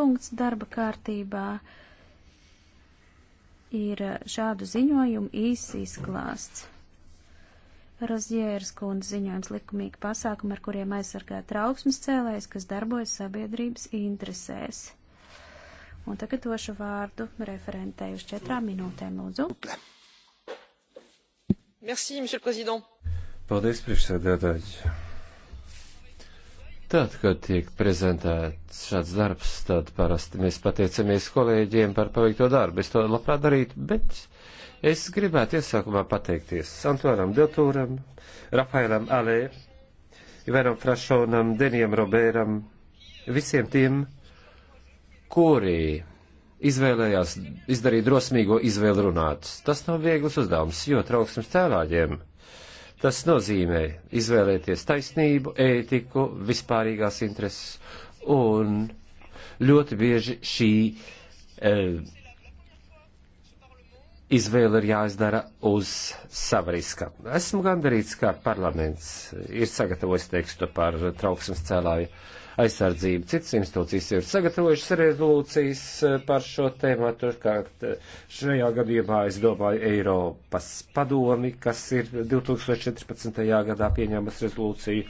punkts darba kārtībā ir šādu ziņojumu īss izklāsts. Rozjēras kundze ziņojums likumīgi pasākumi, ar kuriem aizsargā trauksmes cēlējs, kas darbojas sabiedrības interesēs. Un tagad došu vārdu referentei uz četrām minūtēm, lūdzu. Merci, Paldies, priekšsēdētāji. Tad, kad tiek prezentēts šāds darbs, tad parasti mēs pateicamies kolēģiem par paveikto darbu. Es to labprāt darītu, bet es gribētu iesākumā pateikties Antoram Deltūram, Rafailam Alē, Ivaram Frašonam, Denijam Robēram, visiem tiem, kuri izvēlējās izdarīt drosmīgo izvēli runāt. Tas nav viegls uzdevums, jo trauksmes tēlāģiem Tas nozīmē izvēlēties taisnību, ētiku, vispārīgās intereses, un ļoti bieži šī e, izvēle ir jāizdara uz sava riska. Esmu gandarīts, ka parlaments ir sagatavojis tekstu par trauksmes cēlāju aizsardzību. Citas institūcijas ir sagatavojušas rezolūcijas eh, par šo tēmu. Turklāt eh, šajā gadījumā es domāju Eiropas padomi, kas ir 2014. gadā pieņēmas rezolūciju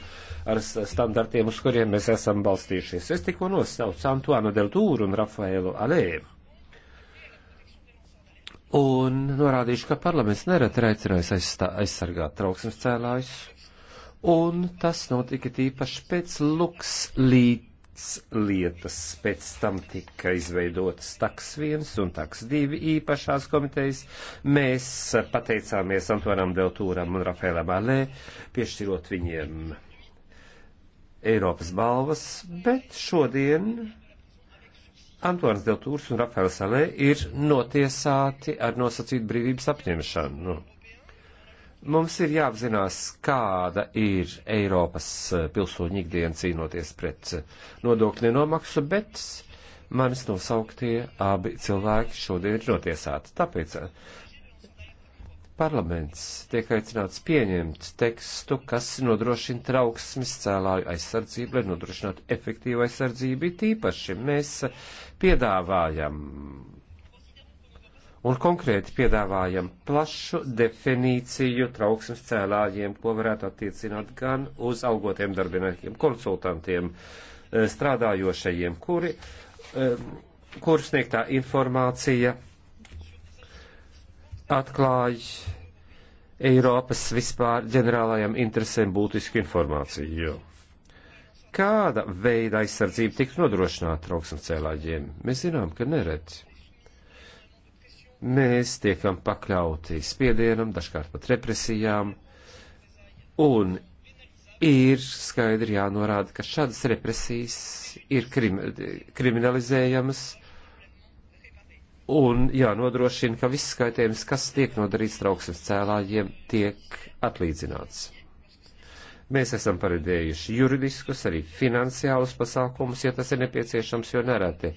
ar standartiem, uz kuriem mēs esam balstījušies. Es tikko nosaucu Antuānu Deltūru un Rafaelu Alēvu un norādīšu, ka parlaments nereti aicinājis aizsargāt trauksmes cēlājus, un tas notika tīpaši pēc luks līdz lietas. Pēc tam tika izveidotas taks viens un taks divi īpašās komitejas. Mēs pateicāmies Antonam Deltūram un Rafēlam Alē, piešķirot viņiem Eiropas balvas, bet šodien Antoans Deltūrs un Rafaels Salē ir notiesāti ar nosacītu brīvības apņemšanu. Mums ir jāapzinās, kāda ir Eiropas eh, pilsoņu ikdiena cīnoties pret eh, nodokļu nomaksu, bet manis nosauktie abi cilvēki šodien ir notiesāti. Tāpēc eh, Parlaments tiek aicināts pieņemt tekstu, kas nodrošina trauksmes cēlāju aizsardzību, lai nodrošinātu efektīvu aizsardzību. Tīpaši mēs piedāvājam un konkrēti piedāvājam plašu definīciju trauksmes cēlājiem, ko varētu attiecināt gan uz algotiem darbiniekiem, konsultantiem, eh, strādājošajiem, kuri, eh, kur sniegtā informācija atklāj Eiropas vispār ģenerālajām interesēm būtisku informāciju. Kāda veida aizsardzība tiks nodrošināta trauksmes cēlāģiem? Mēs zinām, ka nereti. Mēs tiekam pakļauti spiedienam, dažkārt pat represijām, un ir skaidri jānorāda, ka šādas represijas ir krim, kriminalizējamas Un jānodrošina, ka viss skaitījums, kas tiek nodarīts trauksmes cēlājiem, tiek atlīdzināts. Mēs esam paredzējuši juridiskus, arī finansiālus pasākumus, ja tas ir nepieciešams, jo nereti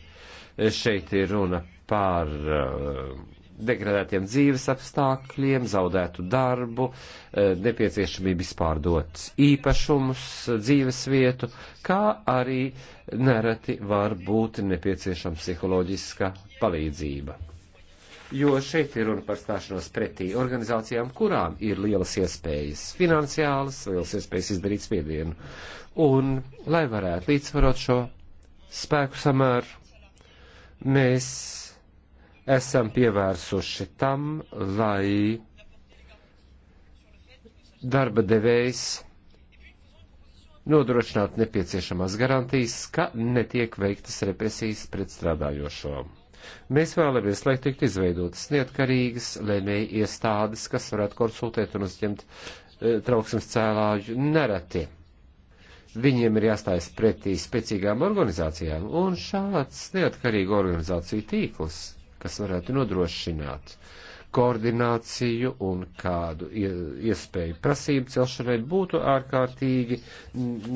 šeit ir runa par uh, degradētiem dzīves apstākļiem, zaudētu darbu, e, nepieciešamību izpārdot īpašumus, e, dzīves vietu, kā arī nereti var būt nepieciešama psiholoģiska palīdzība. Jo šeit ir runa par stāšanos pretī organizācijām, kurām ir lielas iespējas finansiālas, lielas iespējas izdarīt spiedienu. Un, lai varētu līdzsvarot šo spēku samēru, mēs esam pievērsuši tam, lai darba devējs nodrošināt nepieciešamās garantijas, ka netiek veiktas represijas pret strādājošo. Mēs vēlamies, lai tiktu izveidotas neatkarīgas lēmēji iestādes, kas varētu konsultēt un uzņemt e, trauksmes cēlāju nereti. Viņiem ir jāstājas pretī spēcīgām organizācijām, un šāds neatkarīgu organizāciju tīkls kas varētu nodrošināt koordināciju un kādu iespēju prasību celšanai būtu ārkārtīgi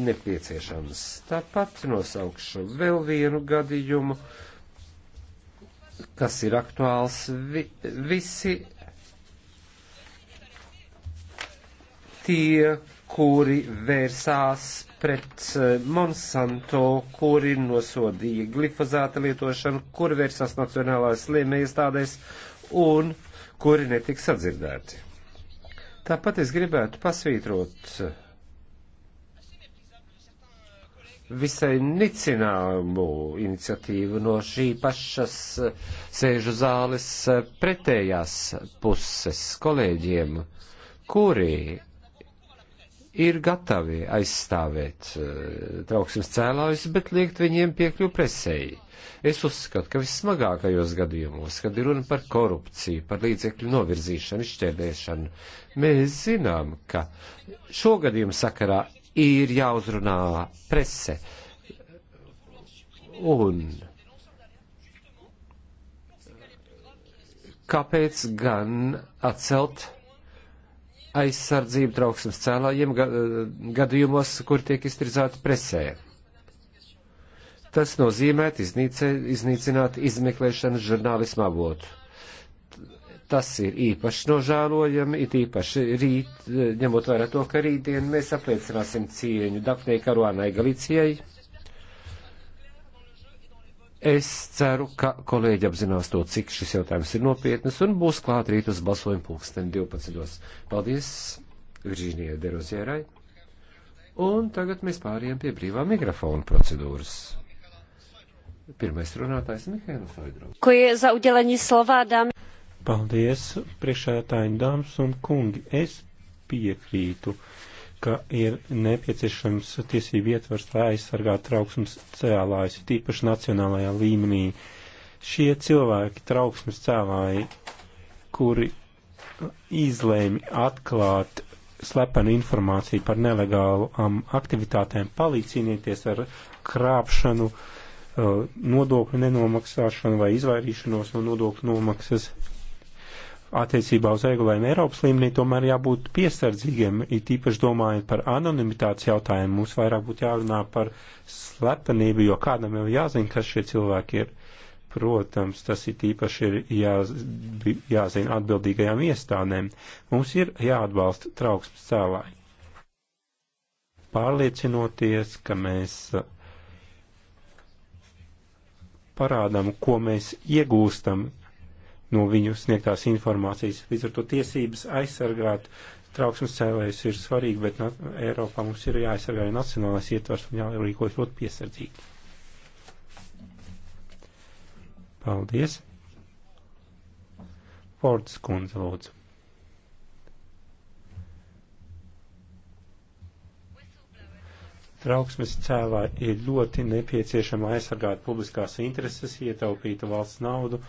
nepieciešams. Tāpat nosaukšu vēl vienu gadījumu, kas ir aktuāls vi visi tie, kuri vērsās pret eh, Monsanto, kuri nosodīja glifozāta lietošanu, kuri vērsās Nacionālās slimniekstādēs un kuri netika sadzirdēti. Tāpat es gribētu pasvītrot eh, visai nicināmu iniciatīvu no šī pašas eh, sēžu zāles pretējās puses kolēģiem, kuri ir gatavi aizstāvēt eh, trauksmes cēlājus, bet liekt viņiem piekļuvu presēji. Es uzskatu, ka vissmagākajos gadījumos, kad ir runa par korupciju, par līdzekļu novirzīšanu, izšķērdēšanu, mēs zinām, ka šo gadījumu sakarā ir jāuzrunā prese. Un kāpēc gan atcelt aizsardzību trauksmes cēlājiem eh, gadījumos, kur tiek iztirzāti presē. Tas nozīmē iznīcē, iznīcināt izmeklēšanas žurnālismu avotu. Tas ir īpaši nožēlojami, it īpaši rīt, eh, ņemot vērā to, ka rītdien mēs apliecināsim cieņu Dafnei Karuanai Galicijai Es ceru, ka kolēģi apzinās to, cik šis jautājums ir nopietnas un būs klāt rīt uz balsojumu pulksteni 12. Paldies Virģīnijai Derozierai. Un tagad mēs pāriem pie brīvā mikrofona procedūras. Pirmais runātājs Mihēla Fajdrovs. Ko ir za udelení slovā, dāmas? Paldies, priekšētāji, dāmas un kungi. Es piekrītu ka ir nepieciešams tiesību ietvars, lai aizsargātu trauksmes cēlājus, tīpaši nacionālajā līmenī. Šie cilvēki, trauksmes cēlāji, kuri izlēmi atklāt slepenu informāciju par nelegālām aktivitātēm, palīdz cīnīties ar krāpšanu, uh, nodokļu nenomaksāšanu vai izvairīšanos no nodokļu nomaksas attiecībā uz regulējumu Eiropas līmenī tomēr jābūt piesardzīgiem, it īpaši domājot par anonimitātes jautājumu. Mums vairāk būtu jārunā par slepenību, jo kādam jau jāzina, kas šie cilvēki ir. Protams, tas ir īpaši ir jā, jāzina atbildīgajām iestādēm. Mums ir jāatbalsta trauksmes cēlāji. Pārliecinoties, ka mēs parādām, ko mēs iegūstam no viņu sniegtās informācijas. Līdz ar to tiesības aizsargāt trauksmes cēlējus ir svarīgi, bet Eiropā mums ir jāaizsargā arī nacionālais ietvars un jārīkojas ļoti piesardzīgi. Paldies! Fords kundze lūdzu. Trauksmes cēlā ir ļoti nepieciešama aizsargāt publiskās intereses, ietaupīt valsts naudu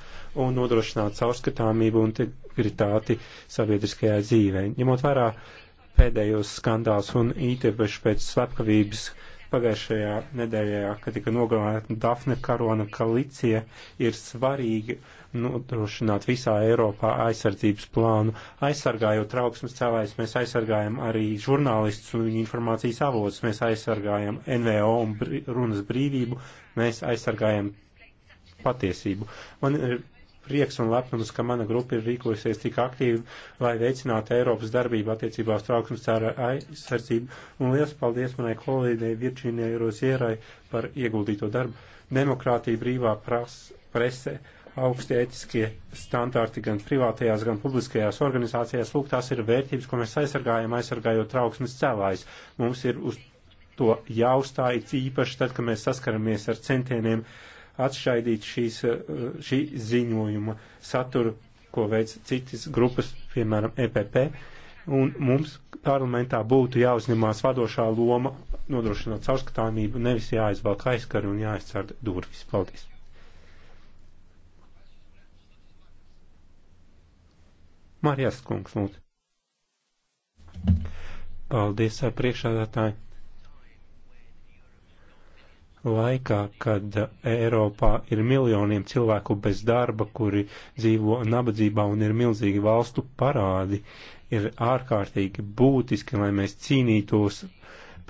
un nodrošināt caurskatāmību un integritāti sabiedriskajā dzīvē. Ņemot vērā pēdējos skandāls un īpaši pēc slepkavības, uh, pagājušajā nedēļā, kad tika nogalināta Dafne Karona Kalicija, ir svarīgi nodrošināt visā Eiropā aizsardzības plānu. Aizsargājot trauksmes cēlājus, mēs aizsargājam arī žurnālistus un viņu informācijas avotus, mēs aizsargājam NVO un brī, runas brīvību, mēs aizsargājam patiesību. Man ir prieks un lepnums, ka mana grupa ir rīkojusies tik aktīvi, lai veicinātu Eiropas darbību attiecībā uz trauksmes cēra aizsardzību. Un liels paldies manai kolēģei Virģīnai Rozierai par ieguldīto darbu. Demokrātija brīvā pras, prese augstie etiskie standarti gan privātajās, gan publiskajās organizācijās. Lūk, tās ir vērtības, ko mēs aizsargājam, aizsargājot trauksmes cēlājs. Mums ir uz to jāuzstāj īpaši tad, kad mēs saskaramies ar centieniem uh, atšķaidīt šīs, eh, šī ziņojuma saturu, ko veids citas grupas, piemēram, EPP, un mums parlamentā būtu jāuzņemās vadošā loma nodrošinot caurskatāmību, nevis jāizvelk aizskari un jāizcer durvis. Paldies! Marijas kungs, lūdzu. Paldies, priekšādātāji! Laikā, kad Eiropā ir miljoniem cilvēku bez darba, kuri dzīvo nabadzībā un ir milzīgi valstu parādi, ir ārkārtīgi būtiski, lai mēs cīnītos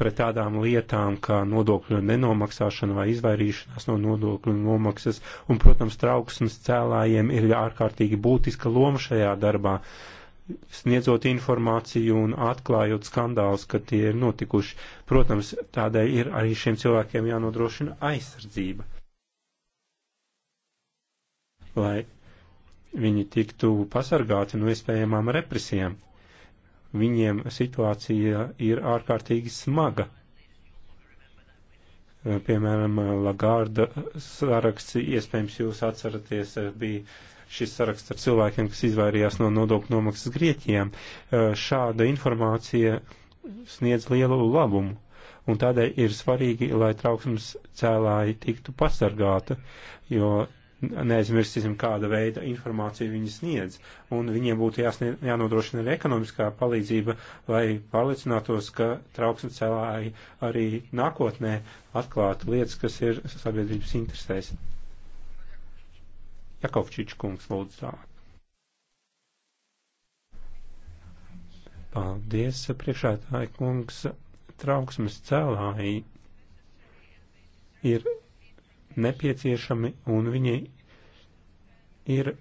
pret tādām lietām kā nodokļu nenomaksāšana vai izvairīšanās no nodokļu nomaksas, un, protams, trauksmes cēlājiem ir ārkārtīgi būtiska loma šajā darbā sniedzot informāciju un atklājot skandālus, ka tie ir notikuši. Protams, tādēļ ir arī šiem cilvēkiem jānodrošina aizsardzība, lai viņi tiktu pasargāti no iespējamām represijām. Viņiem situācija ir ārkārtīgi smaga. Piemēram, Lagarda saraksts, iespējams, jūs atceraties, bija šis saraksts ar cilvēkiem, kas izvairījās no nodokļu nomaksas Grieķijām. Eh, šāda informācija sniedz lielu labumu, un tādēļ ir svarīgi, lai trauksmes cēlāji tiktu pasargāta, jo neaizmirsīsim, kāda veida informāciju viņi sniedz, un viņiem būtu jāsniedz, jānodrošina arī ekonomiskā palīdzība, lai pārliecinātos, ka trauksmes cēlāji arī nākotnē atklātu lietas, kas ir sabiedrības interesēs. Jakovčič kungs lūdzu tālāk. Paldies, priekšētāji kungs, trauksmes cēlāji ir nepieciešami un viņi ir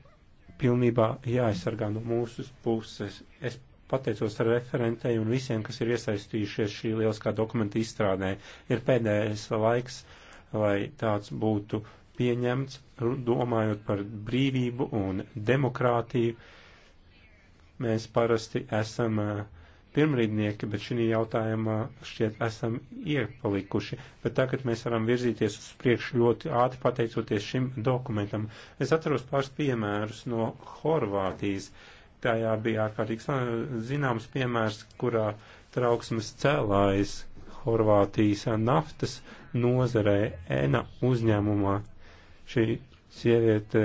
pilnībā jāaizsargā no mūsu puses. Es pateicos referentei un visiem, kas ir iesaistījušies šī lieliskā dokumenta izstrādē. Ir pēdējais laiks, lai tāds būtu pieņemts, domājot par brīvību un demokrātiju. Mēs parasti esam eh, pirmrīdnieki, bet šī jautājumā šķiet esam iepalikuši. Bet tagad mēs varam virzīties uz priekšu ļoti ātri pateicoties šim dokumentam. Es atceros pāris piemērus no Horvātijas. Tajā bija ārkārtīgi zināms piemērs, kurā trauksmes cēlājs Horvātijas naftas nozarē ENA uzņēmumā šī sieviete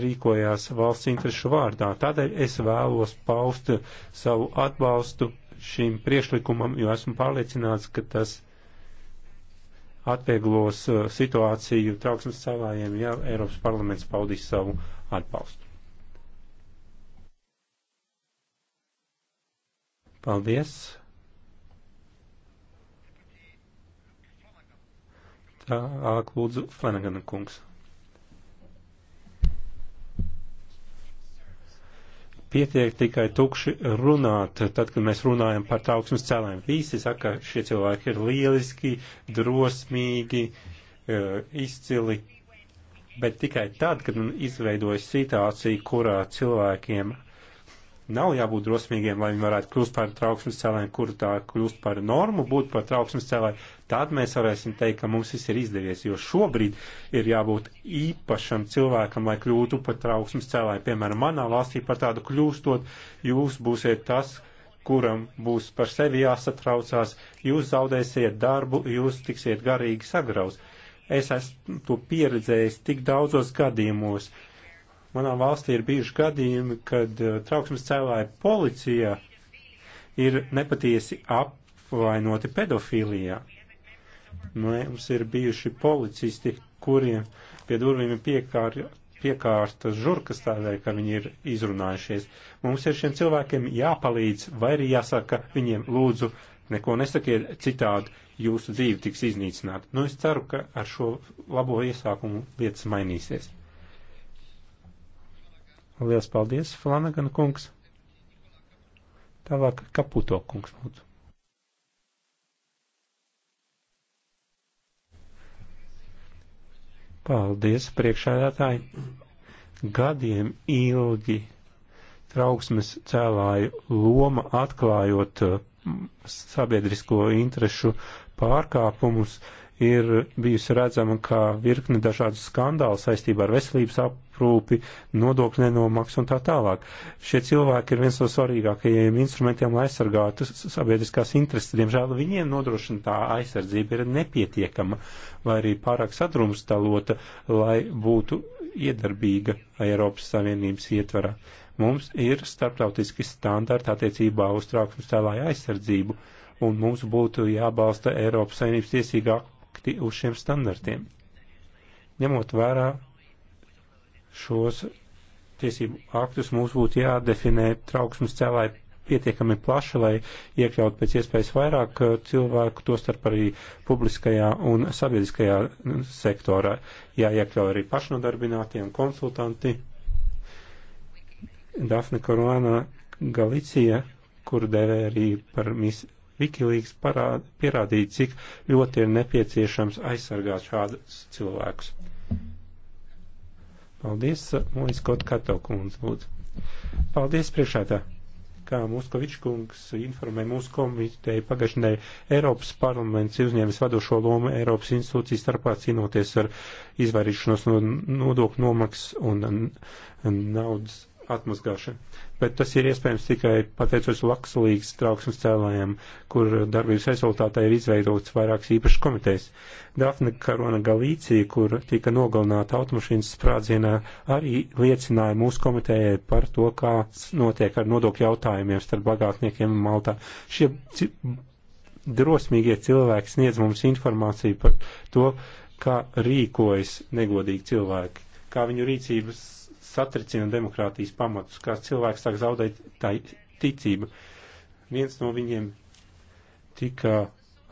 rīkojās valsts interešu vārdā. Tādēļ es vēlos paust savu atbalstu šim priešlikumam, jo esmu pārliecināts, ka tas atvieglos uh, situāciju trauksmes savājiem, ja Eiropas parlaments paudīs savu atbalstu. Paldies! Tā, lūdzu, Flanagana kungs. Pietiek tikai tukši runāt, tad, kad mēs runājam par tauksmes cēlēm. Visi saka, ka šie cilvēki ir lieliski, drosmīgi, eh, izcili, bet tikai tad, kad izveidojas situācija, kurā cilvēkiem Nav jābūt drosmīgiem, lai viņi varētu kļūt par trauksmes cēlēju, kur tā kļūst par normu, būt par trauksmes cēlēju. Tad mēs varēsim teikt, ka mums viss ir izdevies, jo šobrīd ir jābūt īpašam cilvēkam, lai kļūtu par trauksmes cēlēju. Piemēram, manā valstī par tādu kļūstot, jūs būsiet tas, kuram būs par sevi jāsatraucās, jūs zaudēsiet darbu, jūs tiksiet garīgi sagrauz. Es esmu to pieredzējis tik daudzos gadījumos, Manā valstī ir bijuši gadījumi, kad eh, trauksmes cēlāja policija ir nepatiesi apvainoti pedofīlijā. Mums ir bijuši policisti, kuriem pie durvīm ir piekār, piekārtas žurkas tādēļ, ka viņi ir izrunājušies. Mums ir šiem cilvēkiem jāpalīdz, vai arī jāsaka viņiem lūdzu, neko nesakiet citādi, jūsu dzīve tiks iznīcināta. Nu, es ceru, ka ar šo labo iesākumu lietas mainīsies. Liels paldies, Flanagan kungs. Tālāk Kaputo kungs lūdzu. Paldies, priekšādātāji. Gadiem ilgi trauksmes cēlāju loma atklājot mm, sabiedrisko interešu pārkāpumus, uh, ir bijusi redzama kā virkne dažādu skandālu saistībā ar veselības aprūpi, nodokļu nenomaksu un tā tālāk. Šie cilvēki ir viens no svarīgākajiem instrumentiem, lai aizsargātu sabiedriskās intereses. Diemžēl viņiem nodrošinātā aizsardzība ir nepietiekama vai arī pārāk sadrumstalota, lai būtu iedarbīga Eiropas Savienības ietverā. Mums ir starptautiski standarti attiecībā uz trauksmes cēlāju aizsardzību, un mums būtu jābalsta Eiropas Savienības tiesīgā nolikti uz šiem standartiem. Ņemot vērā šos tiesību aktus, mums būtu jādefinē trauksmes cēlāji pietiekami plaši, lai iekļaut pēc iespējas vairāk uh, cilvēku, tostarp arī publiskajā un sabiedriskajā uh, sektorā. Jāiekļauj arī pašnodarbinātie un konsultanti. Dafne Koruana Galicija, kuru devē arī par mis Wikileaks parād, pierādīja, cik ļoti ir nepieciešams aizsargāt šādus cilvēkus. Paldies, Mūlis Kaut Katokums, lūdzu. Paldies, priekšētā. Kā Muskovičs kungs informē mūsu komiteju pagažnē, Eiropas parlaments ir uzņēmis vadošo lomu Eiropas institūcijas starpā cīnoties ar izvairīšanos no nodokļu nomaks un naudas atmazgāšana. Bet tas ir iespējams tikai pateicoties lakslīgas trauksmes cēlājiem, kur darbības rezultātā ir izveidots vairākas īpašas komitejas. Dafne Karona Galīcija, kur tika nogalināta automašīnas sprādzienā, arī liecināja mūsu komitejai par to, kā notiek ar nodokļu jautājumiem starp bagātniekiem Maltā. Šie drosmīgie cilvēki sniedz mums informāciju par to, kā rīkojas negodīgi cilvēki, kā viņu rīcības satricina demokrātijas pamatus, kā cilvēks sāk zaudēt tā ticību. Viens no viņiem tika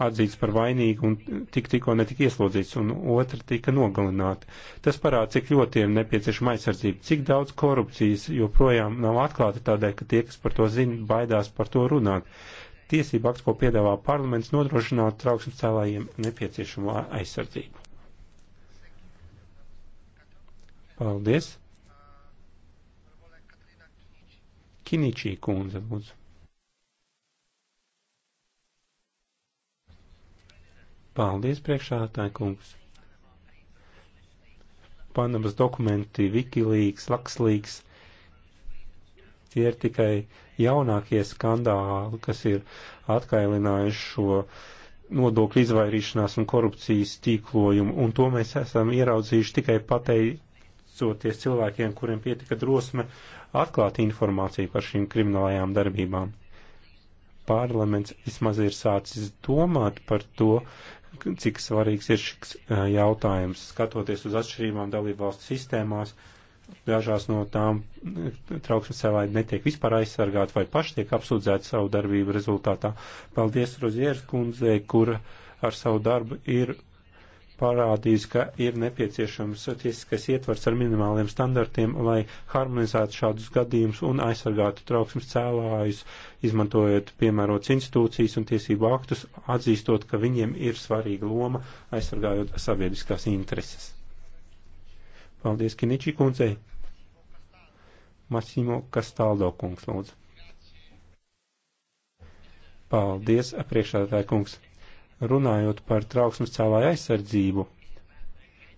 atzīts par vainīgu un tik, tikko netika ieslodzīts, un otra tika nogalināta. Tas parāda, cik ļoti ir nepieciešama aizsardzība, cik daudz korupcijas joprojām nav atklāta tādēļ, ka tie, kas par to zina, baidās par to runāt. Tiesība akts, ko piedāvā parlaments, nodrošināt trauksmes cēlājiem nepieciešamo aizsardzību. Paldies! Kiničī kundze, lūdzu. Paldies, priekšādātāji kungs. Panamas dokumenti, Wikileaks, Lakslīgs, tie ir tikai jaunākie skandāli, kas ir atkailinājuši šo nodokļu izvairīšanās un korupcijas tīklojumu, un to mēs esam ieraudzījuši tikai patei, uzticoties cilvēkiem, kuriem pietika drosme atklāt informāciju par šīm kriminālajām darbībām. Parlaments vismaz ir sācis domāt par to, cik svarīgs ir šis jautājums, skatoties uz atšķirībām dalību valstu sistēmās. Dažās no tām trauksmes cēlāji netiek vispār aizsargāti vai paši tiek apsūdzēti savu darbību rezultātā. Paldies Rozieras kundzei, kur ar savu darbu ir parādījis, ka ir nepieciešams tiesiskais ietvars ar minimāliem standartiem, lai harmonizētu šādus gadījumus un aizsargātu trauksmes cēlājus, izmantojot piemērots institūcijas un tiesību aktus, atzīstot, ka viņiem ir svarīga loma aizsargājot sabiedriskās intereses. Paldies, Kiničī kundzei. Masimo Kastaldo kungs, lūdzu. Paldies, priekšādātāja kungs runājot par trauksmes cēlāju aizsardzību,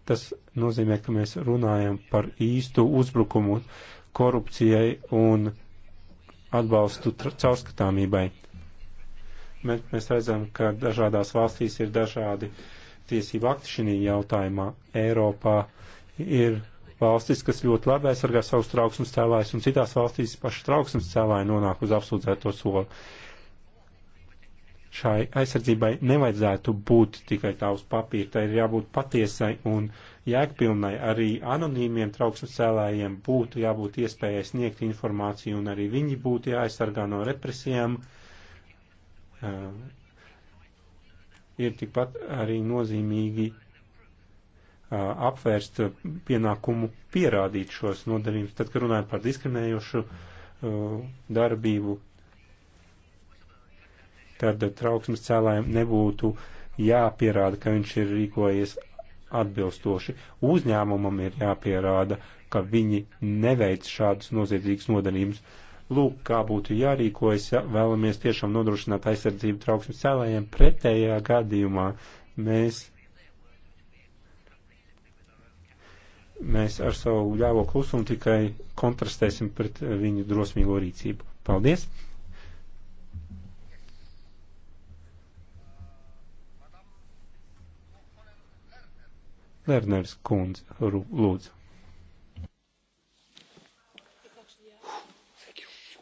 tas nozīmē, ka mēs runājam par īstu uzbrukumu korupcijai un atbalstu caurskatāmībai. Mēs, mēs redzam, ka dažādās valstīs ir dažādi tiesību akti šī jautājumā. Eiropā ir valstis, kas ļoti labi aizsargā savus trauksmes cēlājus, un citās valstīs paši trauksmes cēlāji nonāk uz apsūdzēto soli šai aizsardzībai nevajadzētu būt tikai tā uz papīra, tai ir jābūt patiesai un jēgpilnai. Arī anonīmiem trauksmes cēlājiem būtu jābūt iespējai sniegt informāciju un arī viņi būtu jāaizsargā no represijām. Uh, ir tikpat arī nozīmīgi uh, apvērst pienākumu pierādīt šos nodarījumus. Tad, kad runājam par diskriminējošu uh, darbību, tad trauksmes cēlājiem nebūtu jāpierāda, ka viņš ir rīkojies atbilstoši. Uzņēmumam ir jāpierāda, ka viņi neveic šādus noziedzīgus nodarījumus. Lūk, kā būtu jārīkojas, ja vēlamies tiešām nodrošināt aizsardzību trauksmes cēlējiem. Pretējā gadījumā mēs, mēs ar savu ļāvo klusumu tikai kontrastēsim pret viņu drosmīgo rīcību. Paldies! Lerners kundze, lūdzu.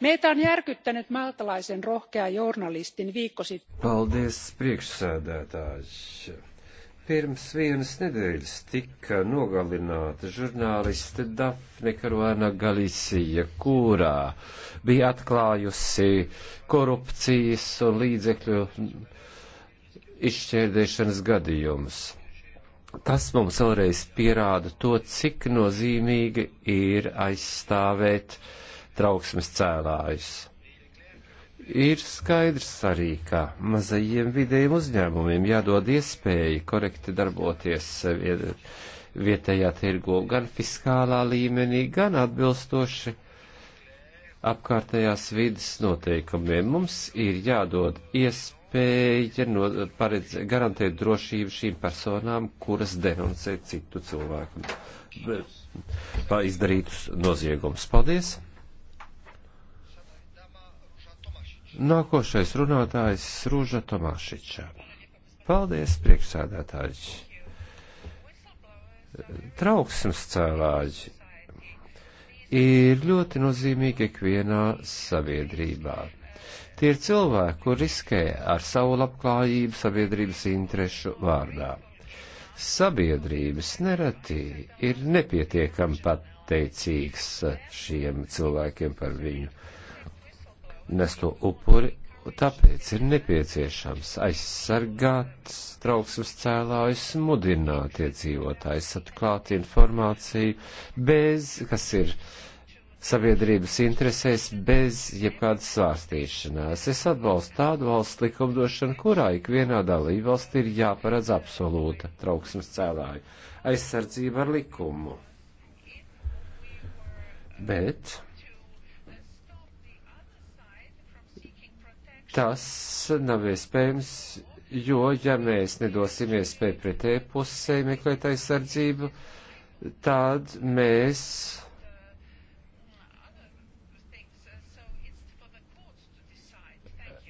Meitä on järkyttänyt maltalaisen rohkea journalistin viikko sitten. Paldies, priekšsēdētājs. Pirms vienas nedēļas tika nogalināta žurnāliste Dafne Karuana Galisija, kurā bija atklājusi korupcijas un līdzekļu izšķērdēšanas gadījumus. Tas mums vēlreiz pierāda to, cik nozīmīgi ir aizstāvēt trauksmes cēlājus. Ir skaidrs arī, ka mazajiem vidējiem uzņēmumiem jādod iespēja korekti darboties vietējā tirgo gan fiskālā līmenī, gan atbilstoši apkārtējās vidas noteikumiem. Mums ir jādod iespēja spēja no, paredz, garantēt drošību šīm personām, kuras denuncē citu cilvēku izdarītus noziegumus. Paldies! Nākošais runātājs Rūža Tomāšiča. Paldies, priekšsēdētājs! Trauksmes cēlāji ir ļoti nozīmīgi ikvienā sabiedrībā Tie ir cilvēki, kur riskē ar savu labklājību sabiedrības interešu vārdā. Sabiedrības nereti ir nepietiekami pateicīgs šiem cilvēkiem par viņu nesto upuri, tāpēc ir nepieciešams aizsargāt trauksmes cēlājus, mudināt iedzīvotājus atklāt informāciju, bez, kas ir uh, sabiedrības interesēs bez jebkādas svārstīšanās. Es atbalstu tādu valsts likumdošanu, kurā ikvienā dalībvalstī ir jāparedz absolūta trauksmes cēlāju aizsardzība ar likumu. Bet tas nav iespējams, jo, ja mēs nedosim iespēju pretēju pusē meklēt aizsardzību, tad mēs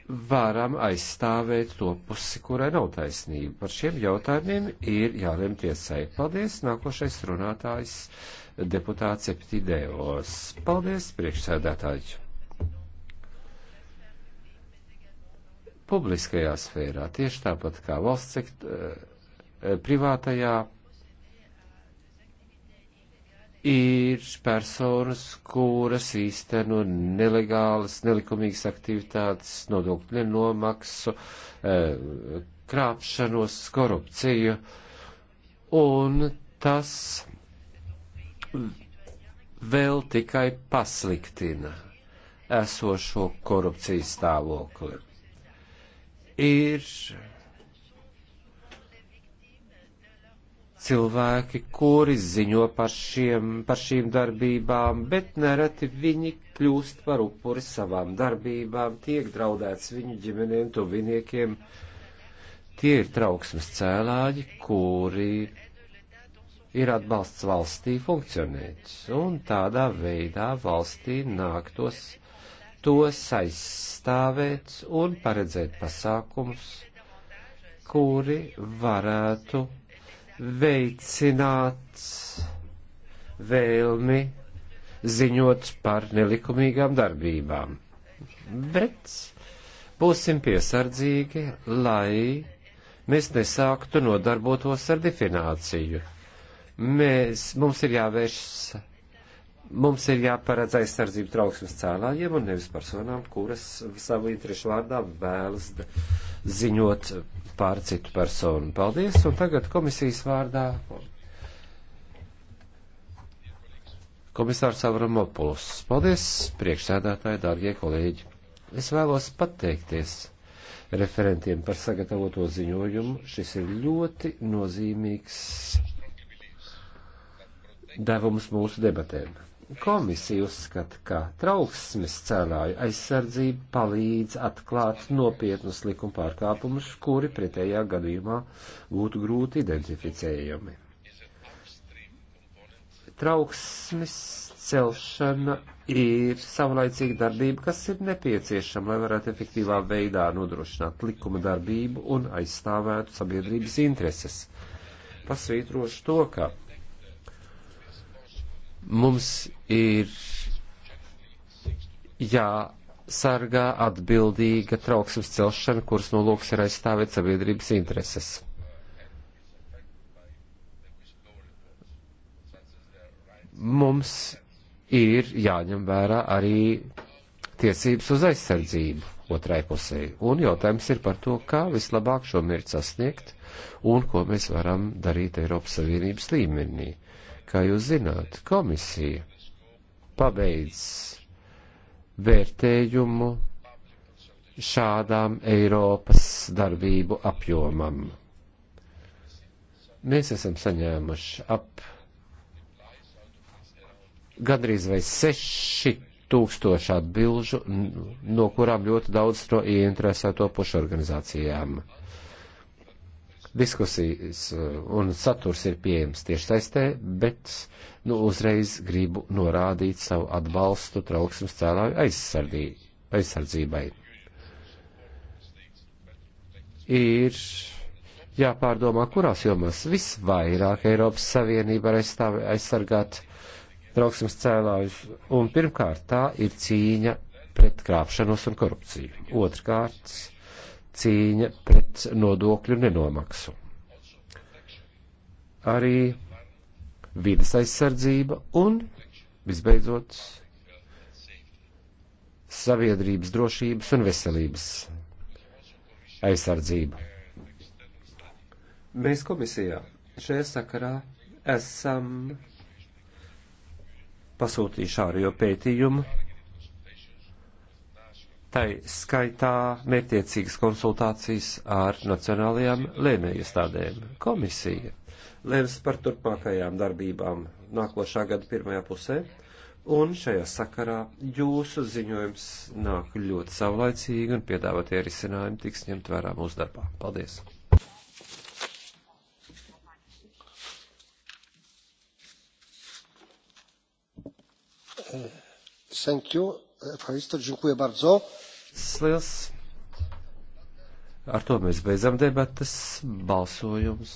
varam aizstāvēt to pusi, kurai nav taisnība. Par šiem jautājumiem ir jālem tiesai. Paldies, nākošais runātājs deputāts Epitidējos. Paldies, priekšsēdētāji. Publiskajā sfērā, tieši tāpat kā valsts sekt, eh, privātajā ir personas, kuras īsteno nelegālas, nelikumīgas aktivitātes, nodokļu nenomaksu, eh, krāpšanos, korupciju, un tas vēl tikai pasliktina esošo korupcijas stāvokli. Ir cilvēki, kuri ziņo par, šiem, par šīm darbībām, bet nereti viņi kļūst par upuri savām darbībām, tiek draudēts viņu ģimenēm, tuviniekiem. Tie ir trauksmes cēlāji, kuri ir atbalsts valstī funkcionēt, un tādā veidā valstī nāktos tos aizstāvēt un paredzēt pasākums, kuri varētu veicināt vēlmi ziņot par nelikumīgām darbībām. Bet būsim piesardzīgi, lai mēs nesāktu nodarbotos ar difināciju. Mēs, mums ir jāvēršas, mums ir jāparedz aizsardzību trauksmes cēlājiem un nevis personām, kuras savu interešu vārdā vēlas ziņot pār citu personu. Paldies, un tagad komisijas vārdā komisārs Avramopulus. Paldies, priekšsēdētāji, dārgie kolēģi. Es vēlos pateikties referentiem par sagatavoto ziņojumu. Šis ir ļoti nozīmīgs devums mūsu debatēm. Komisija uzskata, ka trauksmes cēlāju aizsardzība palīdz atklāt nopietnus likuma pārkāpumus, kuri pretējā gadījumā būtu grūti identificējami. Trauksmes celšana ir savlaicīga darbība, kas ir nepieciešama, lai varētu efektīvā veidā nodrošināt likuma darbību un aizstāvētu sabiedrības intereses. Pasvītrošu to, ka Mums ir jāsargā atbildīga trauksmes celšana, kuras nolūks ir aizstāvēt sabiedrības intereses. Mums ir jāņem vērā arī tiesības uz aizsardzību otrai pusē. Un jautājums ir par to, kā vislabāk šo mērķi sasniegt un ko mēs varam darīt Eiropas Savienības līmenī. Kā jūs zināt, komisija pabeidz vērtējumu šādām Eiropas darbību apjomam. Mēs esam saņēmuši ap gandrīz vai seši tūkstoši atbilžu, no kurām ļoti daudz to ieinteresēto pušu organizācijām diskusijas eh, un saturs ir pieejams tiešsaistē, bet nu, uzreiz gribu norādīt savu atbalstu trauksmes cēlāju aizsardzībai. Ir jāpārdomā, kurās jomās visvairāk Eiropas Savienība var aizsargāt trauksmes cēlājus, un pirmkārt tā ir cīņa pret krāpšanos un korupciju. Otrkārt, cīņa pret nodokļu nenomaksu. Arī vidas aizsardzība un, visbeidzot, sabiedrības drošības un veselības aizsardzība. Mēs komisijā šajā sakarā esam pasūtījuši ārējo pētījumu tai skaitā mērķiecīgas konsultācijas ar nacionālajām lēmējiestādēm. Komisija lems par turpmākajām darbībām nākošā gada pirmajā pusē, un šajā sakarā jūsu ziņojums nāk ļoti savlaicīgi un piedāvātie risinājumi tiks ņemt vērā mūsu darbā. Paldies! Thank you. Dziękuję bardzo liels! Ar to mēs beidzam debatas, balsojums.